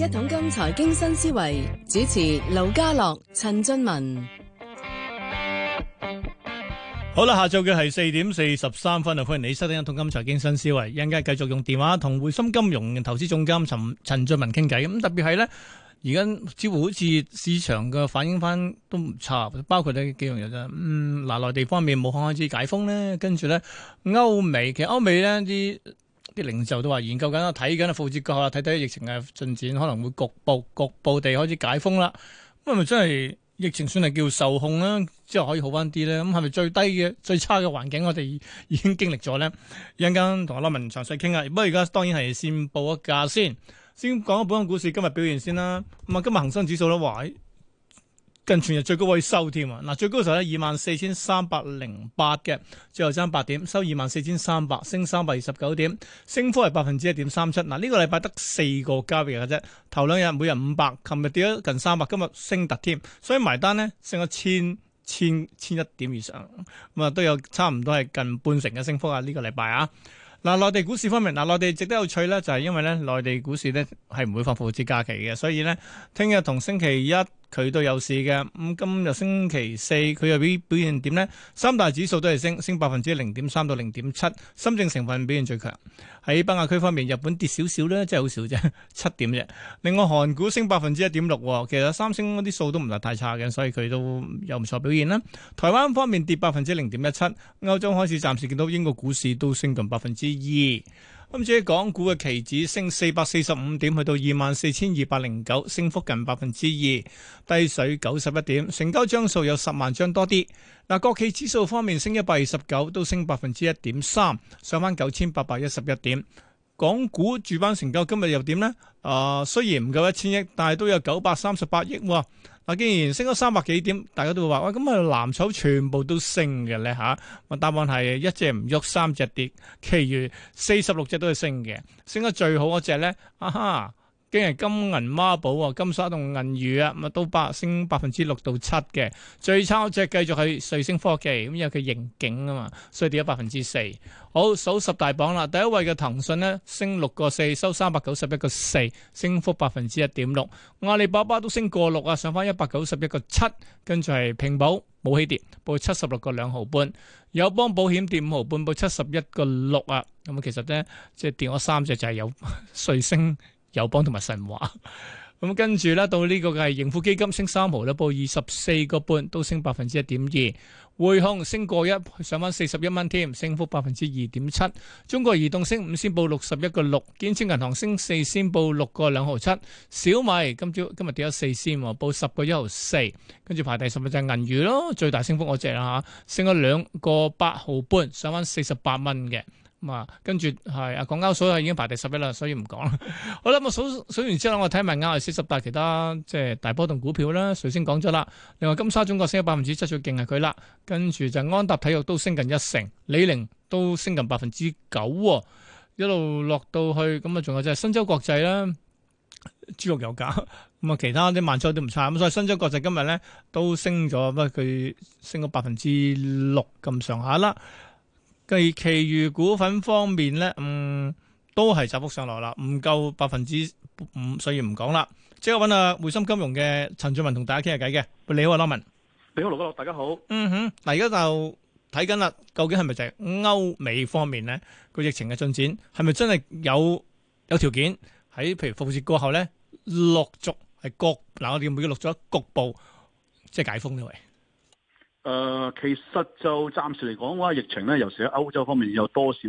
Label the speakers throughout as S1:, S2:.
S1: 一桶金財經新思維，主持劉家樂、陳俊文，好啦，下晝嘅係四點四十三分啊！歡迎你收聽一桶金財經新思維，而家繼續用電話同匯深金融投資總監陳，陳俊文傾偈。咁，特別係呢，而家似乎好似市場嘅反應翻都唔差，包括呢幾樣嘢啫。嗯，嗱，內地方面，武漢開始解封呢，跟住呢，歐美，其實歐美呢啲⋯⋯啲零售都話研究緊啦，睇緊啦，復活節後啊，睇睇疫情嘅進展，可能會局部、局部地開始解封啦。咁係咪真係疫情算係叫受控啦？之後可以好返啲咧？咁係咪最低嘅、最差嘅環境我哋已經經歷咗咧？一陣間同阿羅文詳細傾啊。不過而家當然係先報一價先，先講下本港股市今日表現先啦。咁啊，今日恒生指數都話近全日最高位收添啊！嗱，最高嘅時候咧，二萬四千三百零八嘅，最後爭八點，收二萬四千三百，升三百二十九點，升幅係百分之一點三七。嗱，呢個禮拜得四個交易日嘅啫，頭兩日每日五百，琴日跌咗近三百，今日升突添，所以埋單咧，升咗千千千一點以上，咁啊都有差唔多係近半成嘅升幅，這個、啊！呢個禮拜啊。嗱，內地股市方面，嗱，內地值得有趣咧，就係因為咧，內地股市咧係唔會放復活節假期嘅，所以咧聽日同星期一。佢都有事嘅咁，嗯，今日星期四佢又表表現點呢？三大指數都係升，升百分之零點三到零點七。深證成分表現最強。喺北亞區方面，日本跌少少啦，真係好少啫，七點啫。另外，韓股升百分之一點六，其實三星嗰啲數都唔係太差嘅，所以佢都有唔錯表現啦。台灣方面跌百分之零點一七。歐洲開始暫時見到英國股市都升近百分之二。至於港股嘅期指升四百四十五點，去到二萬四千二百零九，升幅近百分之二，低水九十一點，成交張數有十萬張多啲。嗱，國企指數方面升一百二十九，都升百分之一點三，上返九千八百一十一點。港股主板成交今日又點咧？啊、呃，雖然唔夠一千億，但係都有九百三十八億。嗱，既然升咗三百幾點，大家都會話喂，咁啊藍籌全部都升嘅咧吓。答案係一隻唔喐，三隻跌，其餘四十六隻都係升嘅。升得最好嗰隻咧，啊哈。竟係金銀孖寶啊，金沙同銀魚啊，咁啊都升百分之六到七嘅。最差嗰隻繼續係瑞聲科技，咁，因為佢盈警啊嘛，所以跌咗百分之四。好，數十大榜啦。第一位嘅騰訊咧升六個四，收三百九十一個四，升, 4, 4, 升幅百分之一點六。阿里巴巴都升過六啊，上翻，一百九十一個七，跟住係平保冇起跌，報七十六個兩毫半。友邦保險跌五毫半，報七十一個六啊。咁啊，其實咧即係跌咗三隻就係有瑞聲。友邦同埋神華，咁 跟住咧到呢個係盈富基金升三毫咧，報二十四個半，都升百分之一點二。匯控升過一，上翻四十一蚊添，升幅百分之二點七。中國移動升五先報六十一個六，建設銀行升四先報六個兩毫七。小米今朝今日跌咗四先，報十個一毫四，跟住排第十嘅就係銀娛咯，最大升幅我借啦吓，升咗兩個八毫半，上翻四十八蚊嘅。咁啊，跟住係啊，港交所係已經排第十一啦，所以唔講啦。好啦，咁啊，數數完之後，我睇埋啱係四十，但係其他即係大波動股票啦，誰先講咗啦？另外，金沙中國升百分之七最勁係佢啦。跟住就安踏體育都升近一成，李寧都升近百分之九，一路落到去咁啊，仲有就係新洲國際啦，豬肉有價咁啊，其他啲萬洲都唔差咁，所以新洲國際今日咧都升咗，不過佢升咗百分之六咁上下啦。而其餘股份方面咧，嗯，都係窄幅上落啦，唔夠百分之五，所以唔講啦。即係揾阿匯豐金融嘅陳俊文同大家傾下偈嘅。你好啊，Norman，你好盧哥，大家好。嗯哼，嗱，而家就睇緊啦，究竟係咪就係歐美方面咧個疫情嘅進展，係咪真係有有條件喺譬如複捷過後咧陸續係局嗱我哋每日陸續一局部即係解封呢位？
S2: 誒、呃，其實就暫時嚟講，話疫情咧，尤其喺歐洲方面有多少少即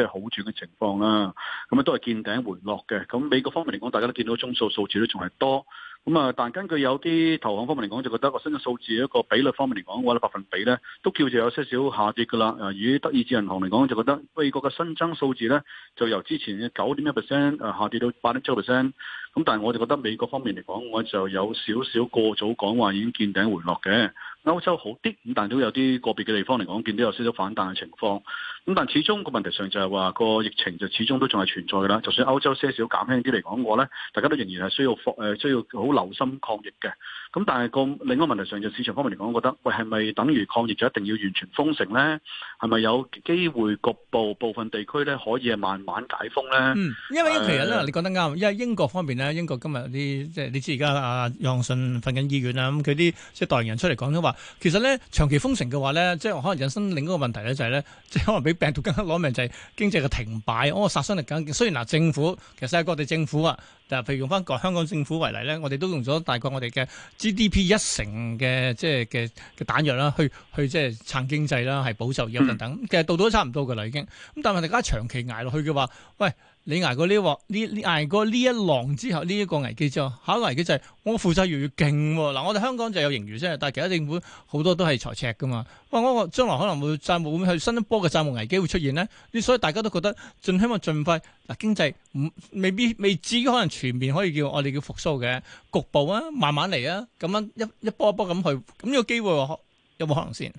S2: 係好轉嘅情況啦。咁、嗯、啊，都係見頂回落嘅。咁、嗯、美國方面嚟講，大家都見到中數數字都仲係多。咁、嗯、啊，但根據有啲投行方面嚟講，就覺得個新嘅數字一個比率方面嚟講嘅話，百分比咧都叫做有些少下跌㗎啦。啊、呃，以德意志銀行嚟講，就覺得美國嘅新增數字咧就由之前嘅九點一 percent 下跌到八點七 percent。咁、嗯、但係我就覺得美國方面嚟講，我就有少少過早講話已經見頂回落嘅。歐洲好啲，咁但係都有啲個別嘅地方嚟講，見到有少少反彈嘅情況。咁但係始終個問題上就係話個疫情就始終都仲係存在㗎啦。就算歐洲些少少減輕啲嚟講，我咧大家都仍然係需要防需要好留心抗疫嘅。咁但係個另一個問題上就市場方面嚟講，我覺得喂係咪等於抗疫就一定要完全封城咧？係咪有機會局部部分地區咧可以係慢慢解封咧、嗯？因為其實咧，呃、你
S1: 講得啱。因為英國方面咧，英國今日啲即係你知而家阿楊信瞓緊醫院啊，咁佢啲即係代言人出嚟講都話。其實咧長期封城嘅話咧，即係可能引申另一個問題咧，就係、是、咧，即係可能俾病毒更加攞命，就係、是、經濟嘅停擺，我個殺傷力更加勁。雖然嗱，政府其實世界各地政府啊，嗱，譬如用翻港香港政府為例咧，我哋都用咗大概我哋嘅 GDP 一成嘅即係嘅嘅彈藥啦，去去即係撐經濟啦，係保就業等等，其實到到都差唔多噶啦，已經。咁但係大家長期挨落去嘅話，喂。你挨過呢鑊，呢挨過呢一浪之後，呢一個危機之後，下一個危機就係我負債越嚟越勁喎，啊。嗱，我哋香港就有盈餘啫，但係其他政府好多都係財赤㗎嘛。哇，我我將來可能會債務去新一波嘅債務危機會出現咧。你所以大家都覺得盡希望盡快嗱經濟唔未必未至於可能全面可以叫我哋叫復甦嘅局部啊，慢慢嚟啊，咁樣一一波一波咁去，咁呢個機會有冇可能先？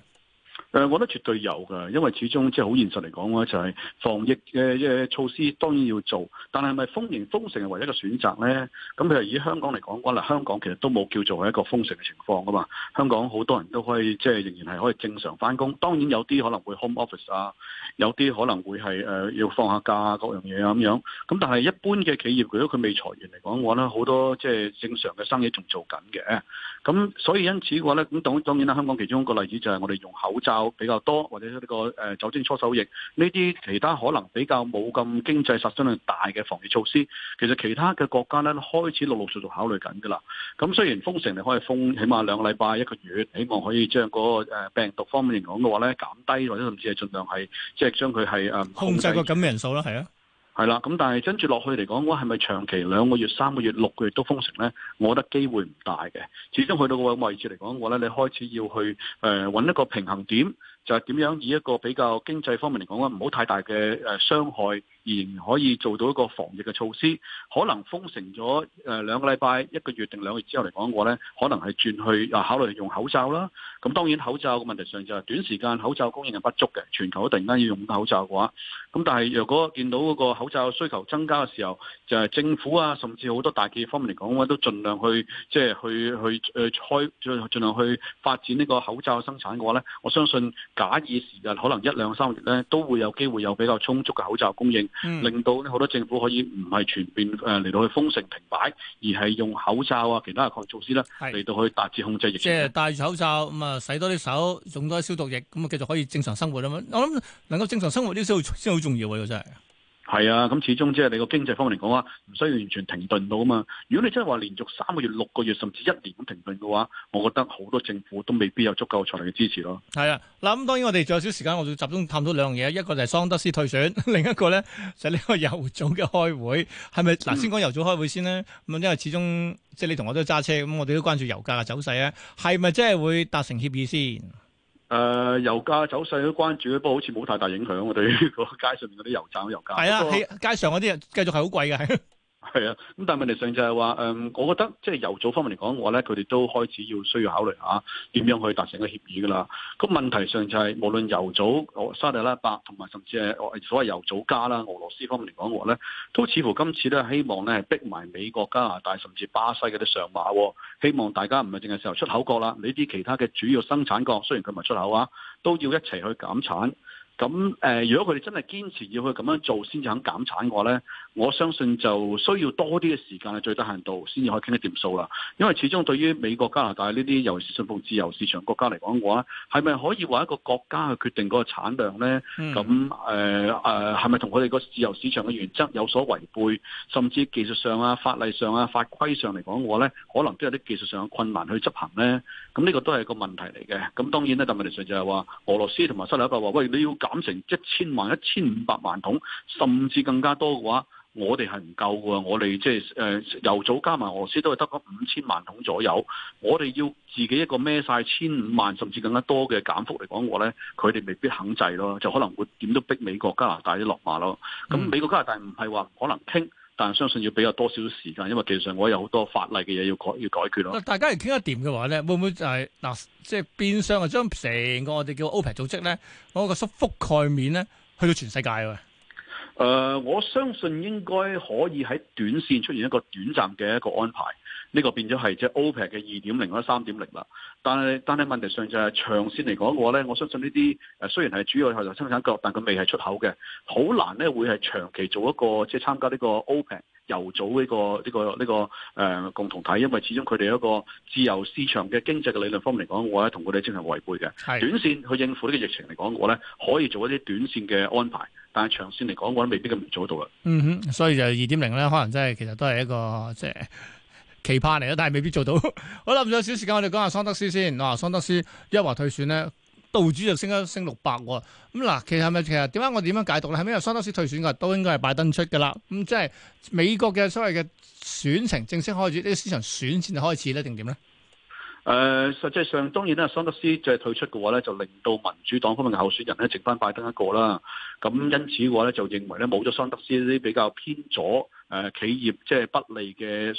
S2: 誒，我覺得絕對有噶因為始終即係好現實嚟講嘅話，就係防疫嘅嘅措施當然要做，但係咪封，封城封城係唯一嘅選擇咧？咁譬如以香港嚟講嘅話，嗱，香港其實都冇叫做係一個封城嘅情況噶嘛。香港好多人都可以即係仍然係可以正常返工，當然有啲可能會 home office 啊，有啲可能會係誒要放下假啊，各樣嘢啊咁樣。咁但係一般嘅企業，如果佢未裁員嚟講嘅話咧，好多即係正常嘅生意仲做緊嘅。咁所以因此嘅話咧，咁當當然啦，香港其中一個例子就係我哋用口罩。比較多，或者呢、這個誒、呃、酒精搓手液，呢啲其他可能比較冇咁經濟殺傷力大嘅防疫措施，其實其他嘅國家咧，開始陸陸續續考慮緊㗎啦。咁雖然封城你可以封起碼兩個禮拜、一個月，希望可以將嗰個病毒方面嚟講嘅話咧減低，或者甚至係儘量係即係將佢係誒控制個
S1: 感染人數啦，係啊。
S2: 係啦，咁但係跟住落去嚟講，我係咪長期兩個月、三個月、六個月都封城呢？我覺得機會唔大嘅，始終去到個位置嚟講，我呢，你開始要去誒揾、呃、一個平衡點，就係、是、點樣以一個比較經濟方面嚟講咧，唔好太大嘅誒傷害。仍然可以做到一個防疫嘅措施，可能封城咗誒兩個禮拜、一個月定兩個月之後嚟講嘅話咧，可能係轉去啊考慮用口罩啦。咁、嗯、當然口罩嘅問題上就係、是、短時間口罩供應係不足嘅，全球都突然間要用口罩嘅話，咁、嗯、但係若果見到嗰個口罩需求增加嘅時候，就係、是、政府啊，甚至好多大企業方面嚟講嘅話，都盡量去即係去去去開盡量去發展呢個口罩生產嘅話咧，我相信假以時日，可能一兩三個月咧都會有機會有比較充足嘅口罩供應。嗯、令到咧好多政府可以唔係全面誒嚟，呃、到去封城停擺，而係用口罩啊其他嘅抗疫措施咧嚟是到去達至控制疫情。即係
S1: 戴住口罩，咁啊洗多啲手，多用多啲消毒液，咁啊繼續可以正常生活啊嘛！我諗能夠正常生活呢啲先好，先好重要啊！真係。
S2: 係啊，咁始終即係你個經濟方面嚟講啊，唔需要完全停頓到啊嘛。如果你真係話連續三個月、六個月甚至一年咁停頓嘅話，我覺得好多政府都未必有足夠財力嘅支持咯。
S1: 係啊，嗱，咁當然我哋仲有少少時間，我要集中探討兩樣嘢，一個就係桑德斯退選，另一個咧就係、是、呢個油組嘅開會，係咪？嗱、嗯，先講油組開會先啦。咁因為始終即係你同我都揸車，咁我哋都關注油價嘅走勢啊。係咪即係會達成協議先？
S2: 誒、呃，油價走勢都關注，不過好似冇太大影響我哋個街上面嗰啲油站嘅油價。係啊的，喺
S1: 我街上嗰啲啊，繼續係好貴嘅。
S2: 係啊，咁但係問題上就係、是、話，誒、呃，我覺得即係油組方面嚟講嘅話咧，佢哋都開始要需要考慮下，點樣去達成個協議噶啦。咁問題上就係、是，無論油組、沙特阿拉伯，同埋甚至係所謂油組加啦，俄羅斯方面嚟講嘅話咧，都似乎今次咧希望咧係逼埋美國、加拿大，甚至巴西嗰啲上馬、啊，希望大家唔係淨係時候出口國啦、啊，呢啲其他嘅主要生產國，雖然佢唔係出口啊，都要一齊去減產。咁誒、呃，如果佢哋真係堅持要去咁樣做，先至肯減產嘅話咧，我相信就需要多啲嘅時間喺最低限度，先至可以傾得掂數啦。因為始終對於美國加拿大，呢啲由信奉自由市場國家嚟講嘅話，係咪可以話一個國家去決定嗰個產量咧？咁誒誒係咪同佢哋個自由市場嘅原則有所違背？甚至技術上啊、法例上啊、法規上嚟講嘅話咧，可能都有啲技術上嘅困難去執行咧。咁呢個都係個問題嚟嘅。咁當然咧，個問題上就係話俄羅斯同埋沙地阿拉伯話喂，你要減成一千萬一千五百萬桶，甚至更加多嘅話。我哋係唔夠嘅，我哋即係誒由早加埋俄斯都係得嗰五千萬桶左右，我哋要自己一個孭晒千五萬甚至更加多嘅減幅嚟講，我咧佢哋未必肯制咯，就可能會點都逼美國加拿大啲落馬咯。咁、嗯、美國加拿大唔係話唔可能傾，但係相信要比較多少少時間，因為其實我有好多法例嘅嘢要改要解決咯。
S1: 大家如果傾得掂嘅話咧，會唔會就係、是、嗱，即、呃、係、就是、變相係將成個我哋叫 OPEC 組織咧嗰、那個覆覆蓋面咧去到全世界喎？
S2: 誒、呃，我相信應該可以喺短綫出現一個短暫嘅一個安排，呢、這個變咗係即係 OPEC 嘅二點零或者三點零啦。但係但係問題上就係、是、長綫嚟講嘅話咧，我相信呢啲誒雖然係主要係生產國，但佢未係出口嘅，好難咧會係長期做一個即係參加呢個 OPEC 油組呢、這個呢、這個呢、這個誒、呃、共同體，因為始終佢哋一個自由市場嘅經濟嘅理論方面嚟講，我喺同佢哋正常違背嘅。的短綫去應付呢個疫情嚟講嘅話咧，可以做一啲短綫嘅安排。但係長線嚟講，我都未
S1: 必咁做到啦。嗯哼，所以就二點零咧，可能真、就、係、是、其實都係一個即係、呃、期盼嚟咯。但係未必做到。 好啦，咁仲有少時間，我哋講下桑德斯先。哇、啊，桑德斯一話退選咧，道指就升一升六百、哦。咁、啊、嗱，其實係咪？其實點解我點樣解讀咧？係咪因為桑德斯退選嘅都應該係拜登出噶啦？咁即係美國嘅所謂嘅選情正式開始，呢個市場選戰就開始咧，定點咧？
S2: 誒、呃，實際上當然咧，桑德斯即係退出嘅話咧，就令到民主黨方面嘅候選人咧剩翻拜登一個啦。咁因此嘅話咧，就認為咧冇咗桑德斯呢啲比較偏左誒、呃、企業即係不利嘅誒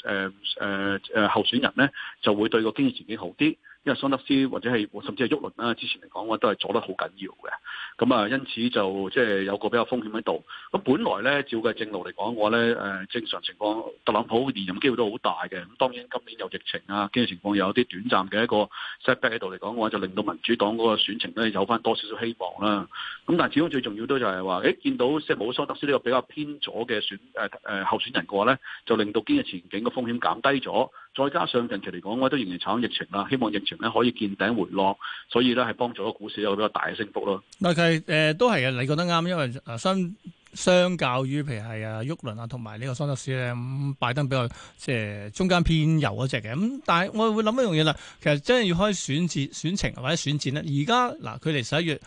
S2: 誒誒候選人咧，就會對個經濟前景好啲。因為桑德斯或者係甚至係沃倫啦，之前嚟講嘅話都係阻得好緊要嘅，咁啊，因此就即係、就是、有個比較風險喺度。咁本來咧，照計正路嚟講嘅話咧，誒正常情況，特朗普連任機會都好大嘅。咁當然今年有疫情啊，經濟情況又有啲短暫嘅一個 setback 喺度嚟講嘅話就令到民主黨嗰個選情咧有翻多少少希望啦。咁但係始終最重要都就係話，誒、哎、見到即係冇桑德斯呢個比較偏左嘅選誒誒、呃呃、候選人嘅話咧，就令到經濟前景嘅風險減低咗。再加上近期嚟講，我都仍然炒緊疫情啦，希望疫情咧可以見頂回落，所以咧係幫助個股市有比較大嘅升幅咯。
S1: 嗱佢誒都係啊，你覺得啱，因為相相較於譬如係啊沃倫啊同埋呢個桑德斯咧，咁、嗯、拜登比較即係、呃、中間偏右嗰隻嘅。咁、嗯、但係我會諗一樣嘢啦，其實真係要開選戰、選情或者選戰咧，而家嗱距離十一月。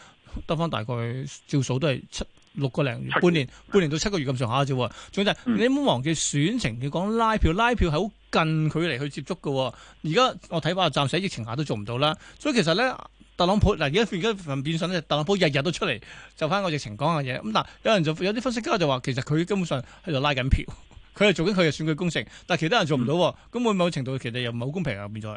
S1: 得翻大概照數都係七六個零月，半年半年到七個月咁上下啫。喎、就係，仲有、嗯、你唔好忘記選情，佢講拉票，拉票係好近距離去接觸嘅、哦。而家我睇翻個暫時喺疫情下都做唔到啦。所以其實咧，特朗普嗱而家而家份變相咧，特朗普日日都出嚟就翻個疫情講嘅嘢。咁嗱，有人就有啲分析家就話，其實佢根本上喺度拉緊票，佢 係做緊佢嘅選舉工程，但係其他人做唔到、哦。咁會某程度其實又唔係好公平啊？變咗。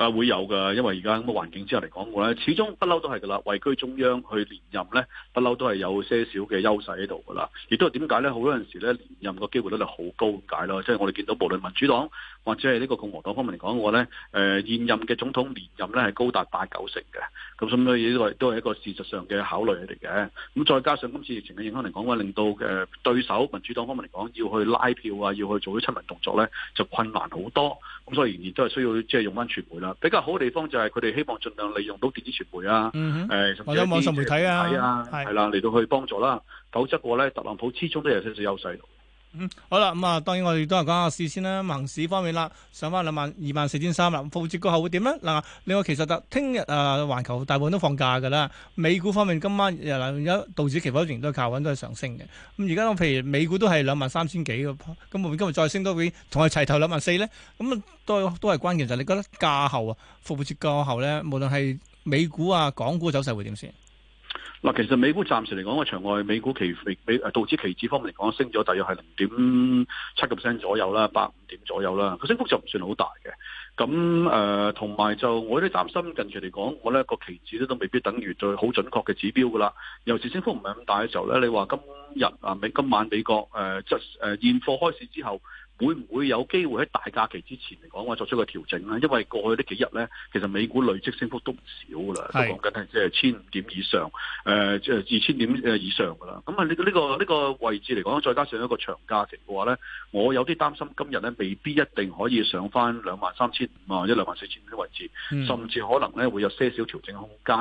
S2: 啊，會有㗎，因為而家咁嘅環境之下嚟講，我咧始終不嬲都係㗎啦，位居中央去連任咧，不嬲都係有些少嘅優勢喺度㗎啦。亦都係點解咧？好多陣時咧，連任個機會率就好高，解咧？即係我哋見到，無論民主黨或者係呢個共和黨方面嚟講，我咧誒、呃、現任嘅總統連任咧係高達八九成嘅。咁所以呢個都係一個事實上嘅考慮嚟嘅。咁再加上今次疫情嘅影響嚟講，我令到誒、呃、對手民主黨方面嚟講，要去拉票啊，要去做啲親民動作咧，就困難好多。咁所以仍然都係需要即係、就是、用翻傳媒啦。比較好嘅地方就係佢哋希望盡量利用到電子傳媒啊，誒、嗯哼呃，甚至係啲網上媒體啊，係啦、啊，嚟的的到去幫助啦。的的否則嘅話咧，特朗普始終都有少少優勢。
S1: 嗯、好啦，咁、嗯、啊，當然我哋都係講下市先啦，行市方面啦，上翻兩萬二萬四千三啦，復活節過後會點咧？嗱、嗯，另外其實就聽日啊，環、呃、球大部分都放假噶啦，美股方面今晚又。嗱，而家道指期貨仍然都係靠穩，都係上升嘅。咁而家譬如美股都係兩萬三千幾嘅，咁會唔會今日再升多啲，同佢齊頭兩萬四咧？咁、嗯、都都係關鍵就係你覺得假後啊，復活節過後咧，無論係美股啊、港股走勢會點先？
S2: 嗱，其實美股暫時嚟講嘅場外美股期指、美誒道期指方面嚟講，升咗大約係零點七個 percent 左右啦，八五點左右啦。佢升幅就唔算好大嘅。咁誒，同、呃、埋就我啲擔心，近期嚟講，我呢個期指咧都未必等於好準確嘅指標噶啦。尤其升幅唔係咁大嘅時候呢，你話今日啊美今晚美國誒即誒現貨開市之後。會唔會有機會喺大假期之前嚟講，我作出個調整咧？因為過去幾呢幾日咧，其實美股累積升幅都唔少噶啦，講緊係即係千五點以上，誒即係二千點誒以上噶啦。咁啊、呢個，呢個呢個呢個位置嚟講，再加上一個長假期嘅話咧，我有啲擔心今日咧未必一定可以上翻兩萬三千五啊，一兩萬四千五嘅位置，甚至可能咧會有些少調整空間。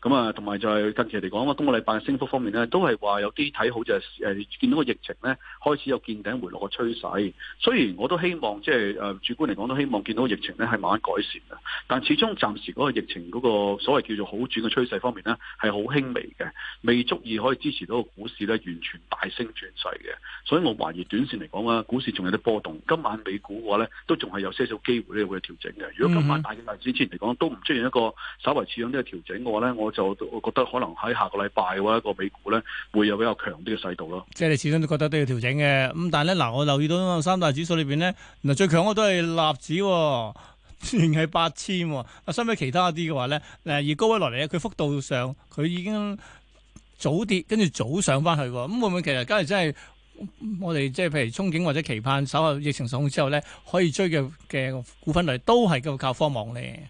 S2: 咁啊，同埋就係近期嚟講啊，今個禮拜升幅方面咧，都係話有啲睇好、就係，就係誒見到個疫情咧開始有見頂回落嘅趨勢。雖然我都希望，即係誒主觀嚟講都希望見到疫情咧係慢慢改善嘅，但始終暫時嗰個疫情嗰個所謂叫做好轉嘅趨勢方面咧係好輕微嘅，未足以可以支持到個股市咧完全大升轉勢嘅。所以我懷疑短線嚟講啊，股市仲有啲波動。今晚美股嘅話咧，都仲係有些少機會咧會調整嘅。如果今晚大嘅大市之前嚟講都唔出現一個稍為似樣啲嘅調整嘅話咧，我就我覺得可能喺下個禮拜嘅話一個美股咧會有比較強啲嘅勢度咯。
S1: 即係你始終都覺得都要調整嘅，咁但係咧嗱，我留意到三大。面呢指數裏邊咧，嗱最強嘅都係納指，仍係八千。啊，相比其他啲嘅話咧，誒，而高位落嚟咧，佢幅度上佢已經早跌，跟住早上翻去、哦，咁、嗯、會唔會其實今日真係我哋即係譬如憧憬或者期盼，稍後疫情受控之後咧，可以追嘅嘅股份嚟，都係夠靠科網咧？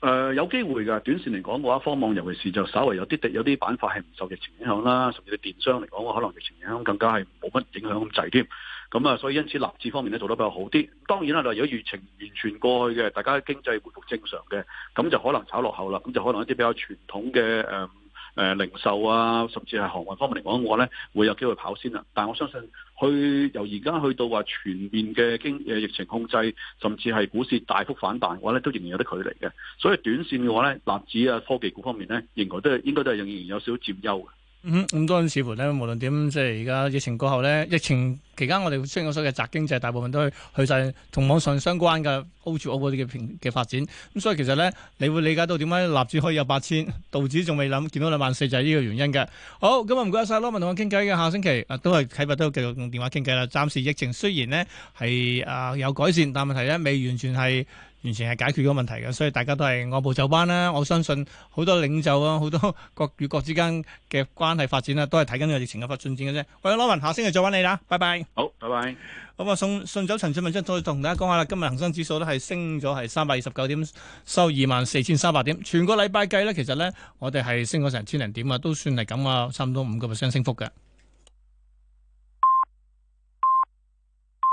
S2: 誒、呃，有機會噶，短線嚟講嘅話，科網尤其是就稍微有啲特，有啲板塊係唔受疫情影響啦，甚至電商嚟講，可能疫情影響更加係冇乜影響咁滯添。咁啊、嗯，所以因此納指方面咧做得比較好啲。當然啦，就如果疫情完全過去嘅，大家經濟回復正常嘅，咁就可能炒落後啦。咁就可能一啲比較傳統嘅誒誒零售啊，甚至係航運方面嚟講，我咧會有機會先跑先啦。但係我相信去，去由而家去到話全面嘅經誒疫情控制，甚至係股市大幅反彈嘅話咧，都仍然有得距離嘅。所以短線嘅話咧，納指啊科技股方面咧，仍然都係應該都係仍然有少少佔優嘅。
S1: 咁咁，嗯嗯、多陣時乎咧，無論點即係而家疫情過後咧，疫情期間我哋出現咗所謂嘅宅經濟，大部分都去晒同網上相關嘅 O to O 嗰啲嘅平嘅發展。咁，嗯、所以其實咧，你會理解到點解納指可以有八千，道指仲未諗見到兩萬四，就係呢個原因嘅。好，今日唔該曬咯，文同我傾偈嘅，下星期、啊、都係喺度都繼續用電話傾偈啦。暫時疫情雖然呢係啊有改善，但問題咧未完全係。完全係解決嗰個問題嘅，所以大家都係按部就班啦。我相信好多領袖啊，好多國與國之間嘅關係發展啦，都係睇緊呢個疫情嘅發展嘅啫。喂，羅文，下星期再揾你啦，拜拜。好，拜拜。咁啊，送送走陳俊文之後，再同大家講下啦。今日恒生指數都係升咗係三百二十九點，收二萬四千三百點。全個禮拜計咧，其實咧，我哋係升咗成千零點啊，都算係咁啊，差唔多五個 percent 升幅嘅。